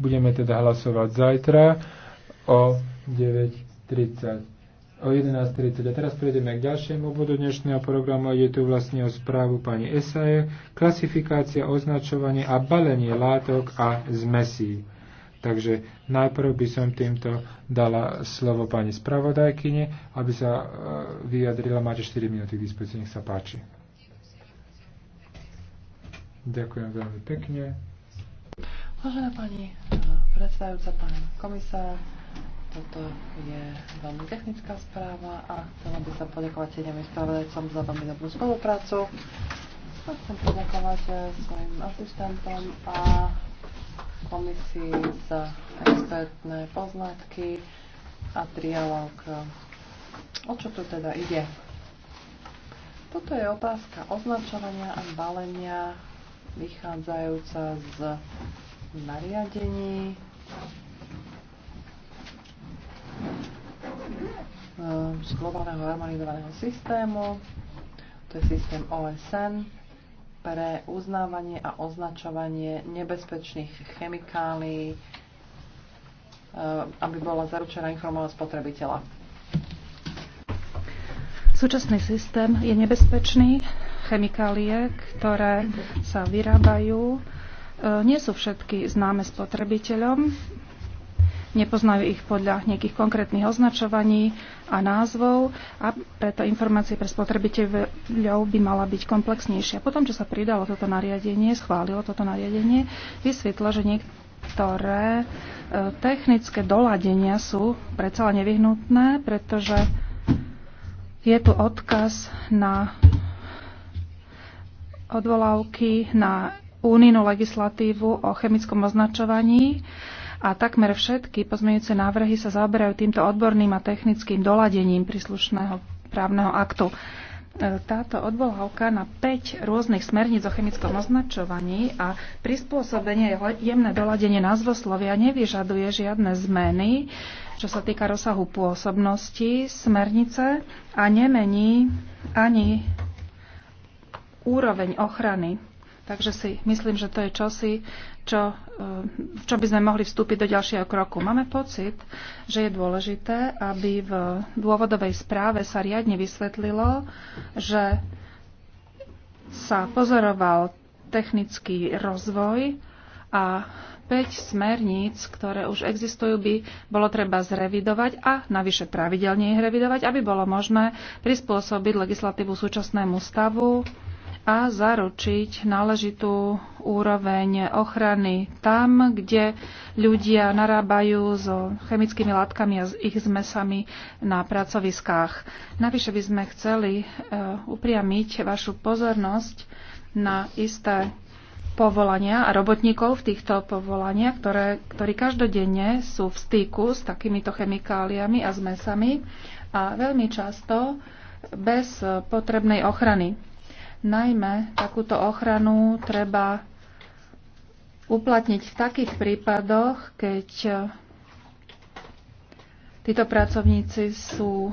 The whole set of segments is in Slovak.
Budeme teda hlasovať zajtra o 9.30 o 11.30. A teraz prejdeme k ďalšiemu bodu dnešného programu. Je tu vlastne o správu pani Esaje, klasifikácia, označovanie a balenie látok a zmesí. Takže najprv by som týmto dala slovo pani spravodajkyne, aby sa e, vyjadrila. Máte 4 minúty k dispozícii, nech sa páči. Ďakujem veľmi pekne. Vážená pani e, predstavujúca, pán komisár, toto je veľmi technická správa a chcela by sa poďakovať jedným spravodajcom za veľmi dobrú spoluprácu. A chcem poďakovať e, svojim asistentom a komisii za expertné poznatky a trialog. O čo tu teda ide? Toto je otázka označovania a balenia vychádzajúca z nariadení. Ehm, z globálneho harmonizovaného systému, to je systém OSN pre uznávanie a označovanie nebezpečných chemikálií, ehm, aby bola zaručená informovanosť spotrebiteľa. Súčasný systém je nebezpečný. Chemikálie, ktoré sa vyrábajú, E, nie sú všetky známe spotrebiteľom, nepoznajú ich podľa nejakých konkrétnych označovaní a názvov a preto informácie pre spotrebiteľov by mala byť komplexnejšia. Potom, čo sa pridalo toto nariadenie, schválilo toto nariadenie, vysvetlo, že niektoré e, technické doladenia sú predsa nevyhnutné, pretože je tu odkaz na odvolávky na únijnú legislatívu o chemickom označovaní a takmer všetky pozmeňujúce návrhy sa zaoberajú týmto odborným a technickým doladením príslušného právneho aktu. E, táto odvolávka na 5 rôznych smerníc o chemickom označovaní a prispôsobenie jemné doladenie názvoslovia nevyžaduje žiadne zmeny, čo sa týka rozsahu pôsobnosti smernice a nemení ani úroveň ochrany Takže si myslím, že to je čosi, čo, eh, v čo by sme mohli vstúpiť do ďalšieho kroku. Máme pocit, že je dôležité, aby v dôvodovej správe sa riadne vysvetlilo, že sa pozoroval technický rozvoj a 5 smerníc, ktoré už existujú, by bolo treba zrevidovať a navyše pravidelne ich revidovať, aby bolo možné prispôsobiť legislatívu súčasnému stavu a zaručiť náležitú úroveň ochrany tam, kde ľudia narábajú so chemickými látkami a s ich zmesami na pracoviskách. Navyše by sme chceli e, upriamiť vašu pozornosť na isté povolania a robotníkov v týchto povolaniach, ktoré, ktorí každodenne sú v styku s takýmito chemikáliami a zmesami a veľmi často bez potrebnej ochrany. Najmä takúto ochranu treba uplatniť v takých prípadoch, keď títo pracovníci sú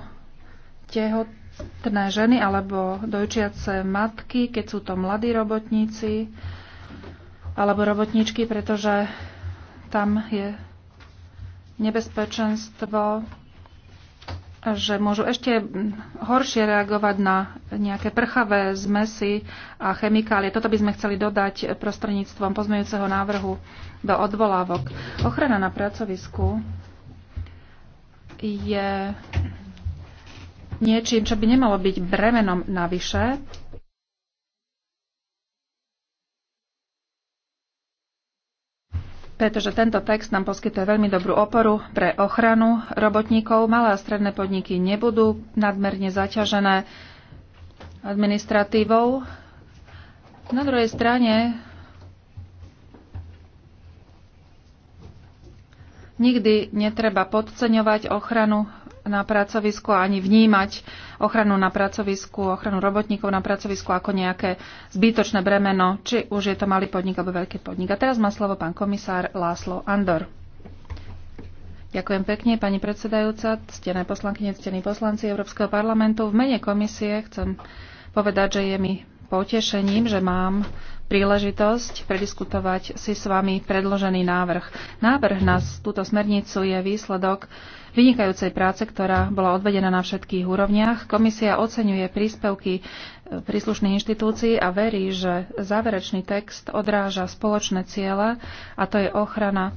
tehotné ženy alebo dojčiace matky, keď sú to mladí robotníci alebo robotníčky, pretože tam je nebezpečenstvo že môžu ešte horšie reagovať na nejaké prchavé zmesy a chemikálie. Toto by sme chceli dodať prostredníctvom pozmejúceho návrhu do odvolávok. Ochrana na pracovisku je niečím, čo by nemalo byť bremenom navyše, pretože tento text nám poskytuje veľmi dobrú oporu pre ochranu robotníkov. Malé a stredné podniky nebudú nadmerne zaťažené administratívou. Na druhej strane nikdy netreba podceňovať ochranu na pracovisku a ani vnímať ochranu na pracovisku, ochranu robotníkov na pracovisku ako nejaké zbytočné bremeno, či už je to malý podnik alebo veľký podnik. A teraz má slovo pán komisár Láslo Andor. Ďakujem pekne, pani predsedajúca, ctené poslankyne, ctení poslanci Európskeho parlamentu. V mene komisie chcem povedať, že je mi potešením, že mám príležitosť prediskutovať si s vami predložený návrh. Návrh na túto smernicu je výsledok vynikajúcej práce, ktorá bola odvedená na všetkých úrovniach. Komisia oceňuje príspevky e, príslušných inštitúcií a verí, že záverečný text odráža spoločné ciele a to je ochrana e,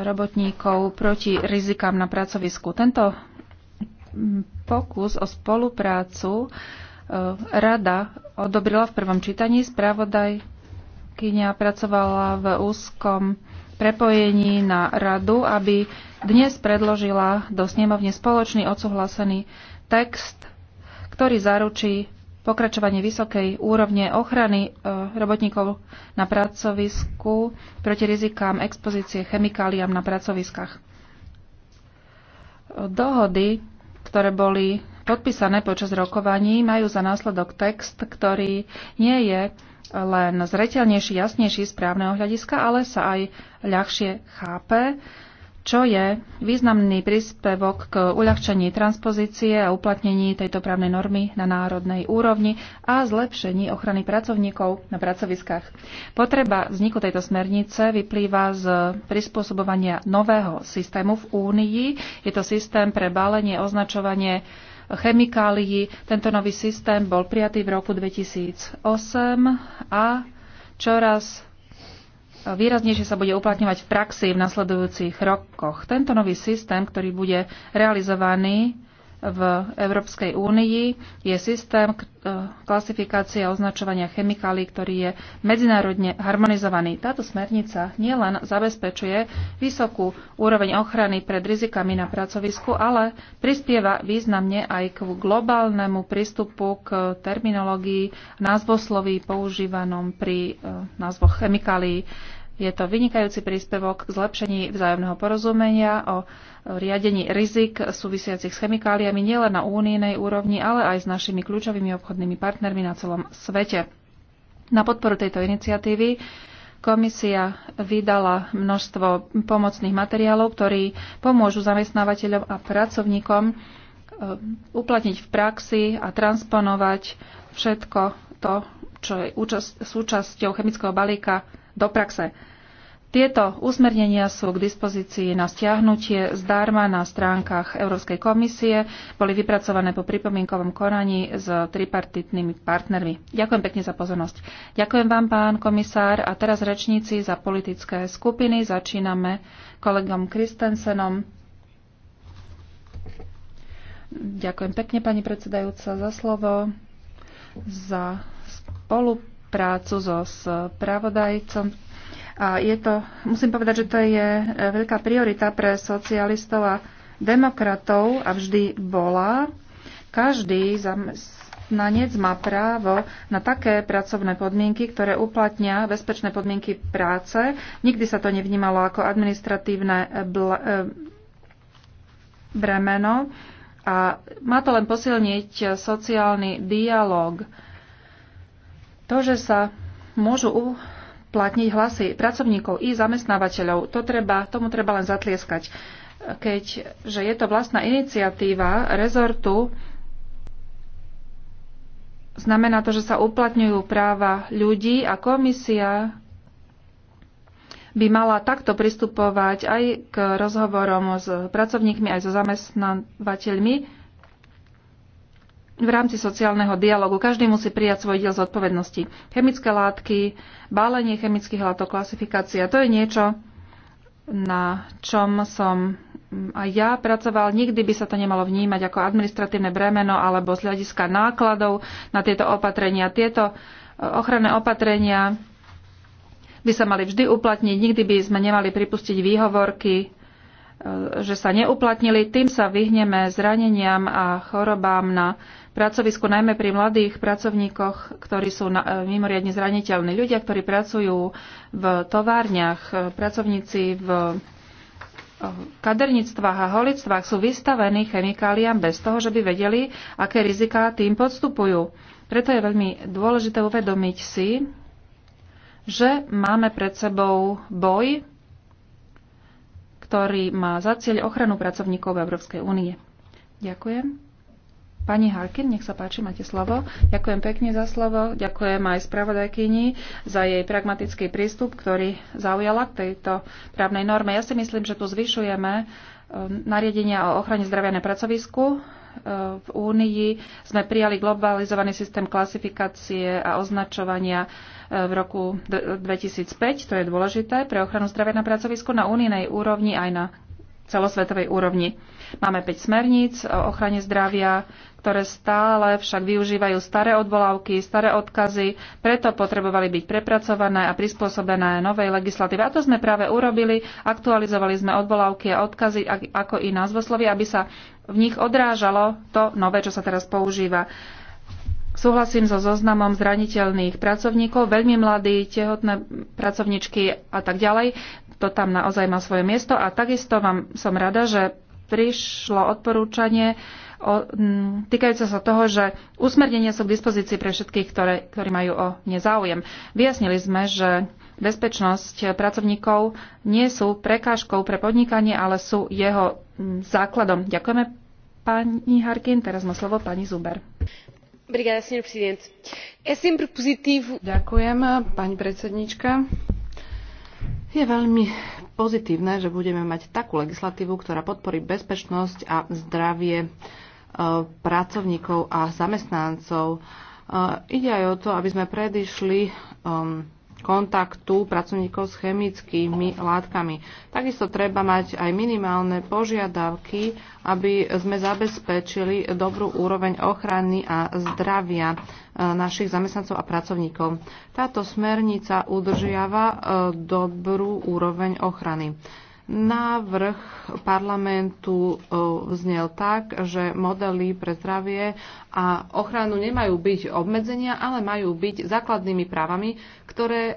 robotníkov proti rizikám na pracovisku. Tento pokus o spoluprácu Eh, rada odobrila v prvom čítaní. Kynia pracovala v úzkom prepojení na radu, aby dnes predložila do snemovne spoločný odsúhlasený text, ktorý zaručí pokračovanie vysokej úrovne ochrany eh, robotníkov na pracovisku proti rizikám expozície chemikáliám na pracoviskách. Dohody, ktoré boli podpísané počas rokovaní, majú za následok text, ktorý nie je len zretelnejší, jasnejší z právneho hľadiska, ale sa aj ľahšie chápe, čo je významný príspevok k uľahčení transpozície a uplatnení tejto právnej normy na národnej úrovni a zlepšení ochrany pracovníkov na pracoviskách. Potreba vzniku tejto smernice vyplýva z prispôsobovania nového systému v Únii. Je to systém pre balenie, označovanie chemikálií. Tento nový systém bol prijatý v roku 2008 a čoraz výraznejšie sa bude uplatňovať v praxi v nasledujúcich rokoch. Tento nový systém, ktorý bude realizovaný, v Európskej únii je systém e, klasifikácie a označovania chemikálií, ktorý je medzinárodne harmonizovaný. Táto smernica nielen zabezpečuje vysokú úroveň ochrany pred rizikami na pracovisku, ale prispieva významne aj k globálnemu prístupu k terminológii názvosloví používanom pri e, názvoch chemikálií. Je to vynikajúci príspevok k zlepšení vzájomného porozumenia o riadení rizik súvisiacich s chemikáliami nielen na únijnej úrovni, ale aj s našimi kľúčovými obchodnými partnermi na celom svete. Na podporu tejto iniciatívy komisia vydala množstvo pomocných materiálov, ktorí pomôžu zamestnávateľom a pracovníkom e, uplatniť v praxi a transponovať všetko to, čo je súčasťou chemického balíka do praxe. Tieto usmernenia sú k dispozícii na stiahnutie zdarma na stránkach Európskej komisie. Boli vypracované po pripomienkovom konaní s tripartitnými partnermi. Ďakujem pekne za pozornosť. Ďakujem vám, pán komisár. A teraz rečníci za politické skupiny. Začíname kolegom Kristensenom. Ďakujem pekne, pani predsedajúca, za slovo, za spoluprácu prácu so spravodajcom. A je to, musím povedať, že to je e, veľká priorita pre socialistov a demokratov a vždy bola. Každý zamestnanec má právo na také pracovné podmienky, ktoré uplatnia bezpečné podmienky práce. Nikdy sa to nevnímalo ako administratívne e, bremeno. A má to len posilniť sociálny dialog to, že sa môžu uplatniť hlasy pracovníkov i zamestnávateľov, to treba, tomu treba len zatlieskať. Keď že je to vlastná iniciatíva rezortu, znamená to, že sa uplatňujú práva ľudí a komisia by mala takto pristupovať aj k rozhovorom s pracovníkmi, aj so zamestnávateľmi, v rámci sociálneho dialogu. Každý musí prijať svoj diel zodpovednosti. Chemické látky, bálenie chemických látok, klasifikácia, to je niečo, na čom som aj ja pracoval. Nikdy by sa to nemalo vnímať ako administratívne bremeno alebo z hľadiska nákladov na tieto opatrenia. Tieto e, ochranné opatrenia by sa mali vždy uplatniť. Nikdy by sme nemali pripustiť výhovorky, e, že sa neuplatnili. Tým sa vyhneme zraneniam a chorobám na pracovisku, najmä pri mladých pracovníkoch, ktorí sú na, e, mimoriadne zraniteľní. Ľudia, ktorí pracujú v továrniach, e, pracovníci v e, kaderníctvách a holictvách sú vystavení chemikáliám bez toho, že by vedeli, aké riziká tým podstupujú. Preto je veľmi dôležité uvedomiť si, že máme pred sebou boj, ktorý má za cieľ ochranu pracovníkov Európskej únie. Ďakujem. Pani Harkin, nech sa páči, máte slovo. Ďakujem pekne za slovo. Ďakujem aj spravodajkyni za jej pragmatický prístup, ktorý zaujala k tejto právnej norme. Ja si myslím, že tu zvyšujeme um, nariadenia o ochrane zdravia na pracovisku. Um, v Únii sme prijali globalizovaný systém klasifikácie a označovania uh, v roku 2005. To je dôležité pre ochranu zdravia na pracovisku na únijnej úrovni aj na celosvetovej úrovni. Máme 5 smerníc o ochrane zdravia, ktoré stále však využívajú staré odvolávky, staré odkazy, preto potrebovali byť prepracované a prispôsobené novej legislatíve. A to sme práve urobili, aktualizovali sme odvolávky a odkazy, ako i názvoslovy, aby sa v nich odrážalo to nové, čo sa teraz používa. Súhlasím so zoznamom zraniteľných pracovníkov, veľmi mladí, tehotné pracovničky a tak ďalej to tam naozaj má svoje miesto a takisto vám som rada, že prišlo odporúčanie o, m, týkajúce sa toho, že usmernenia sú k dispozícii pre všetkých, ktoré, ktorí majú o nezáujem. Vyjasnili sme, že bezpečnosť pracovníkov nie sú prekážkou pre podnikanie, ale sú jeho základom. Ďakujeme pani Harkin. Teraz má slovo pani Zuber. Obrigada, senhor presidente. É sempre positivo. Ďakujem, pani predsednička. Je veľmi pozitívne, že budeme mať takú legislatívu, ktorá podporí bezpečnosť a zdravie e, pracovníkov a zamestnancov. E, ide aj o to, aby sme predišli um, kontaktu pracovníkov s chemickými látkami. Takisto treba mať aj minimálne požiadavky, aby sme zabezpečili dobrú úroveň ochrany a zdravia e, našich zamestnancov a pracovníkov. Táto smernica udržiava e, dobrú úroveň ochrany. Návrh parlamentu vznel tak, že modely pre zdravie a ochranu nemajú byť obmedzenia, ale majú byť základnými právami, ktoré e,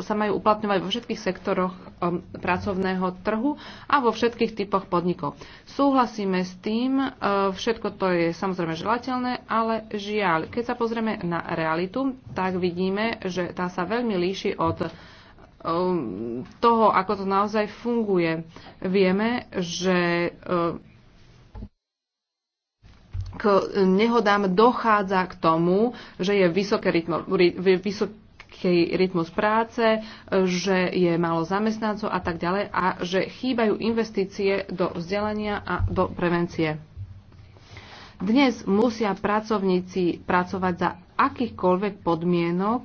sa majú uplatňovať vo všetkých sektoroch e, pracovného trhu a vo všetkých typoch podnikov. Súhlasíme s tým, e, všetko to je samozrejme želateľné, ale žiaľ, keď sa pozrieme na realitu, tak vidíme, že tá sa veľmi líši od Ehm, toho, ako to naozaj funguje. Vieme, že ehm, k nehodám dochádza k tomu, že je vysoké rytmo, vysoký rytmus práce, že je málo zamestnancov a tak ďalej a že chýbajú investície do vzdelania a do prevencie. Dnes musia pracovníci pracovať za akýchkoľvek podmienok,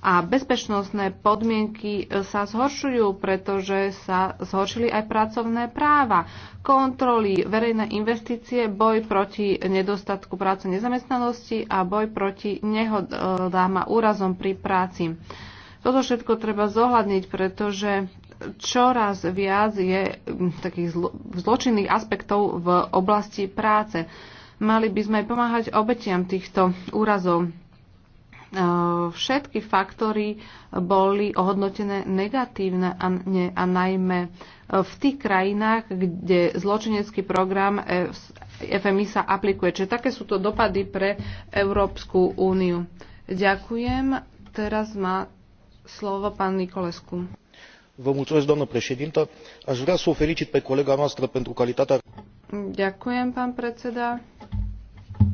a bezpečnostné podmienky e, sa zhoršujú, pretože sa zhoršili aj pracovné práva, kontroly, verejné investície, boj proti nedostatku práce nezamestnanosti a boj proti nehodám a úrazom pri práci. Toto všetko treba zohľadniť, pretože čoraz viac je takých zločinných aspektov v oblasti práce. Mali by sme pomáhať obetiam týchto úrazov E, všetky faktory boli ohodnotené negatívne a, ne, a najmä e, v tých krajinách, kde zločinecký program e, FMI sa aplikuje. Čiže také sú to dopady pre Európsku úniu. Ďakujem. Teraz má slovo pán Nikolescu. Vă mulțumesc, doamnă președintă. Aș vrea să o felicit pe colega noastră pentru calitatea... Ďakujem, pán predseda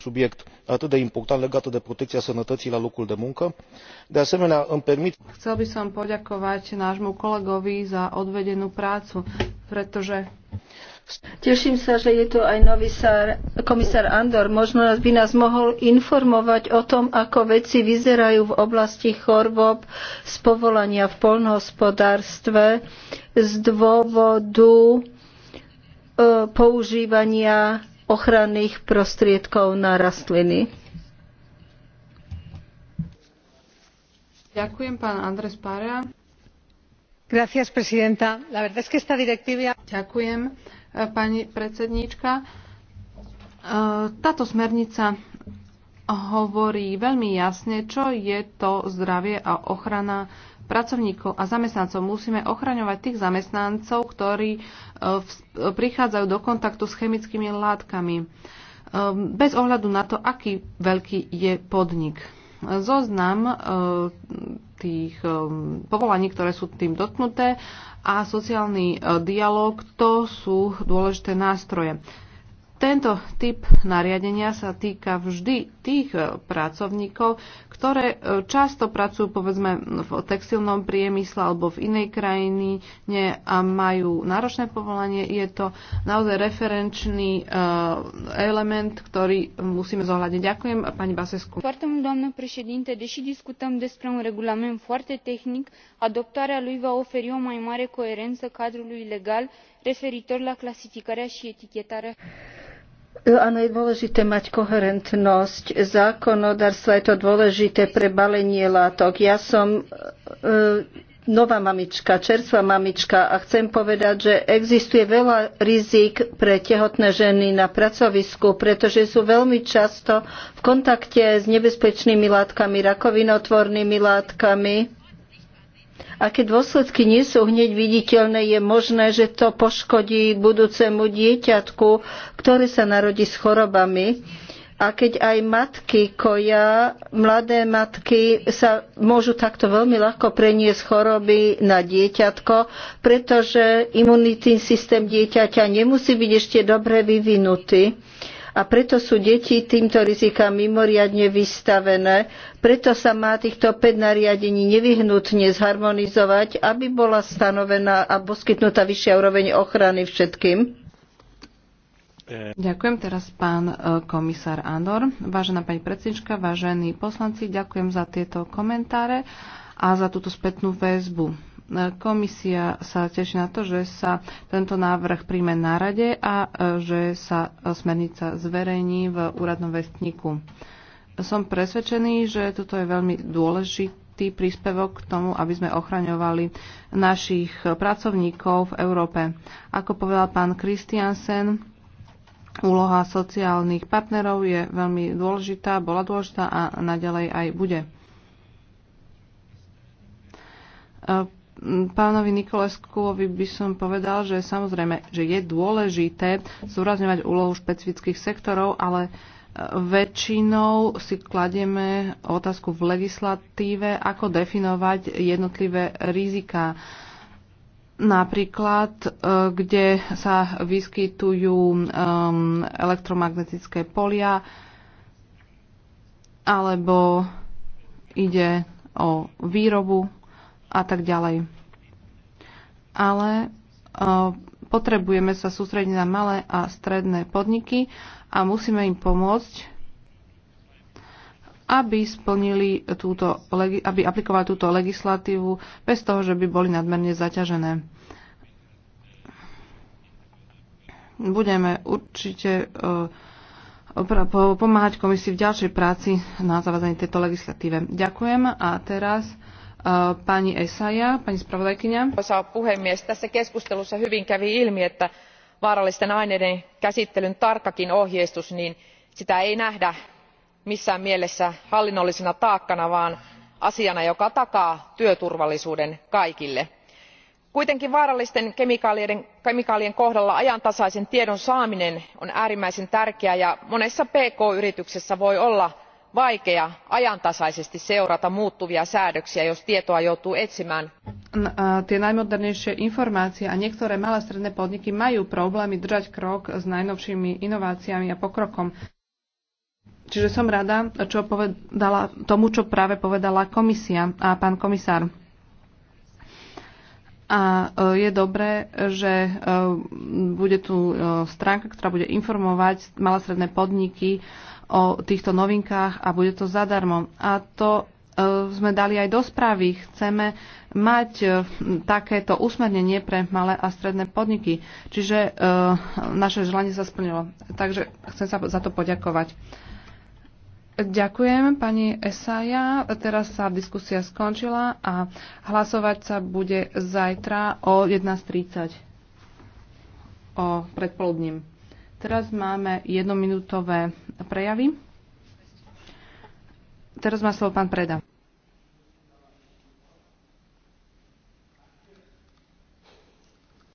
subiect atât de important legat de protecția sănătății la locul de muncă. De asemenea, îmi permit... Chcel by som poďakovať nášmu kolegovi za odvedenú prácu, pretože Teším sa, že je tu aj nový sár, komisár Andor. Možno by nás mohol informovať o tom, ako veci vyzerajú v oblasti chorôb z povolania v poľnohospodárstve z dôvodu e, používania ochranných prostriedkov na rastliny. Ďakujem, pán Andres Párea. Gracias, presidenta. La verdad es que esta directiva... Ďakujem, pani predsedníčka. E, táto smernica hovorí veľmi jasne, čo je to zdravie a ochrana pracovníkov a zamestnancov. Musíme ochraňovať tých zamestnancov, ktorí e, e, prichádzajú do kontaktu s chemickými látkami. E, bez ohľadu na to, aký veľký je podnik. Zoznam tých povolaní, ktoré sú tým dotknuté a sociálny dialog, to sú dôležité nástroje. Tento typ nariadenia sa týka vždy tých pracovníkov, ktoré e, často pracujú povedzme v textilnom priemysle alebo v inej krajine a majú náročné povolanie. Je to naozaj referenčný e, element, ktorý musíme zohľadniť. Ďakujem pani Basescu. Foarte mult, doamnă președinte, deși discutăm despre un regulament foarte tehnic, adoptarea lui va oferi o mai mare coerență cadrului legal referitor la clasificarea și etichetarea Áno, je dôležité mať koherentnosť zákonodárstva, je to dôležité pre balenie látok. Ja som e, nová mamička, čerstvá mamička a chcem povedať, že existuje veľa rizik pre tehotné ženy na pracovisku, pretože sú veľmi často v kontakte s nebezpečnými látkami, rakovinotvornými látkami a keď dôsledky nie sú hneď viditeľné, je možné, že to poškodí budúcemu dieťatku, ktoré sa narodí s chorobami. A keď aj matky koja, mladé matky sa môžu takto veľmi ľahko preniesť choroby na dieťatko, pretože imunitný systém dieťaťa nemusí byť ešte dobre vyvinutý a preto sú deti týmto rizikám mimoriadne vystavené. Preto sa má týchto 5 nariadení nevyhnutne zharmonizovať, aby bola stanovená a poskytnutá vyššia úroveň ochrany všetkým. Ďakujem teraz pán e, komisár Andor. Vážená pani predsednička, vážení poslanci, ďakujem za tieto komentáre a za túto spätnú väzbu. Komisia sa teší na to, že sa tento návrh príjme na rade a e, že sa smernica zverejní v úradnom vestníku. Som presvedčený, že toto je veľmi dôležitý príspevok k tomu, aby sme ochraňovali našich pracovníkov v Európe. Ako povedal pán Kristiansen, Úloha sociálnych partnerov je veľmi dôležitá, bola dôležitá a naďalej aj bude. E, pánovi Nikoleskovi by som povedal, že samozrejme, že je dôležité zúrazňovať úlohu špecifických sektorov, ale e, väčšinou si kladieme otázku v legislatíve, ako definovať jednotlivé rizika. Napríklad, e, kde sa vyskytujú um, elektromagnetické polia, alebo ide o výrobu a tak ďalej ale e, potrebujeme sa sústrediť na malé a stredné podniky a musíme im pomôcť, aby, splnili túto, aby aplikovali túto legislatívu bez toho, že by boli nadmerne zaťažené. Budeme určite e, pomáhať komisii v ďalšej práci na zavazení tejto legislatíve. Ďakujem a teraz pani Esaja, pani spravodajkyňa. Arvoisa puhemies, tässä keskustelussa hyvin kävi ilmi, että vaarallisten aineiden käsittelyn tarkkaakaan ohjeistus, ei nähdä missään mielessä hallinnollisena taakkana, vaan asiana, joka takaa työturvallisuuden kaikille kuitenkin vaarallisten kemikaalien kohdalla ajantasaisen tiedon saaminen on äärimmäisen tärkeää ja monessa pk yrityksessä voi olla vaikea ajantasaisesti seurata muuttuvia säädöksiä jos tietoa joutuu etsimään. tie najmodernejšie informácie a niektoré malé a stredné podniky majú problémy držať krok s najnovšími inováciami a pokrokom. Čiže som rada čo povedala, tomu, čo práve povedala komisia a pán komisár. A e, je dobré, že e, bude tu e, stránka, ktorá bude informovať stredné podniky o týchto novinkách a bude to zadarmo. A to e, sme dali aj do správy. Chceme mať e, takéto usmernenie pre malé a stredné podniky. Čiže e, naše želanie sa splnilo. Takže chcem sa za to poďakovať. Ďakujem, pani Esaja. Teraz sa diskusia skončila a hlasovať sa bude zajtra o 11.30. O predpoludním. Teraz máme jednominútové prejavy. Teraz má slovo pán Preda.